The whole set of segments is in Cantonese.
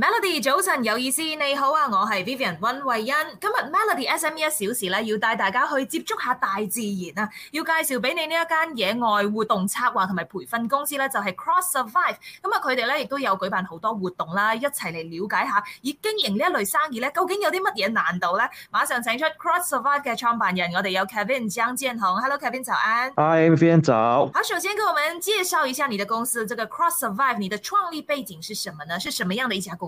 Melody，早晨有意思，你好啊，我係 Vivian 溫慧欣。今日 Melody SME 一小時咧，要帶大家去接觸下大自然啊，要介紹俾你呢一間野外活動策劃同埋培訓公司咧，就係、是、Cross Survive。咁啊，佢哋咧亦都有舉辦好多活動啦，一齊嚟了解下，以經營呢一類生意咧，究竟有啲乜嘢難度咧？馬上請出 Cross Survive 嘅創辦人，我哋有 Kevin 張志紅 Hello，Kevin 早安。Hi, I'm Vin，早。好，首先給我們介紹一下你的公司，這個 Cross Survive，你的創立背景是什麼呢？是什麼樣的一家公？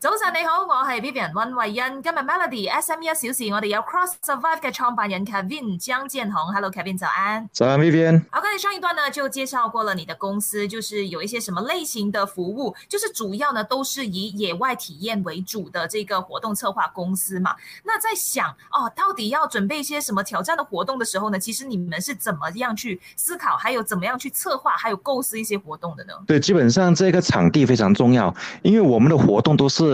早晨你好，我係 Vivian e w 温慧欣，今日 Melody SME 一小時，我哋有 Cross Survive 嘅創辦人 Kevin 張建仁 Hello Kevin 早安，早安 Vivian。好 Viv，剛才、啊、上一段呢就介紹過了，你的公司就是有一些什麼類型的服務，就是主要呢都是以野外體驗為主的這個活動策劃公司嘛。那在想哦，到底要準備一些什麼挑戰的活動的時候呢，其實你們是怎麼樣去思考，還有怎麼樣去策劃，還有構思一些活動的呢？對，基本上這個場地非常重要，因為我們的活動都是。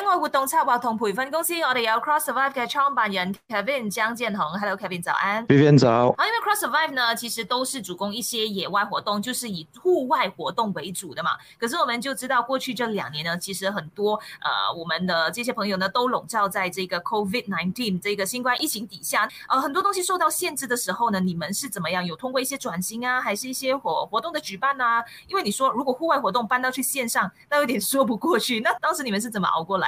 野外活動策劃同培訓公司，我哋有 Cross Survive 嘅創辦人 Kevin 江建紅。Hello，Kevin，早安。Kevin 早。因為 Cross Survive 呢，其實都是主攻一些野外活動，就是以戶外活動為主的嘛。可是我們就知道過去這兩年呢，其實很多，呃我們的這些朋友呢，都籠罩在這個 COVID nineteen 這個新冠疫情底下。呃，很多東西受到限制的時候呢，你們是怎麼樣？有通過一些轉型啊，還是一些活活動的舉辦啊？因為你說如果戶外活動搬到去線上，那有點說不過去。那當時你們是怎麼熬過來？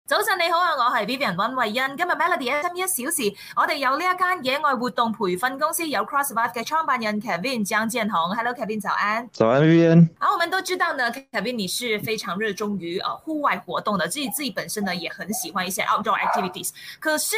早晨你好啊，我係 Vivian 溫慧欣，今日 Melody 嘅 SME 一小時，我哋有呢一間野外活動培訓公司，有 Cross Life 嘅創辦人 Kevin 張志仁 Hello Kevin 早安。早安 Vivian。好 Viv、啊，我們都知道呢，Kevin 你是非常熱衷於啊戶外活動的，自己自己本身呢也很喜歡一些 Outdoor activities，可是。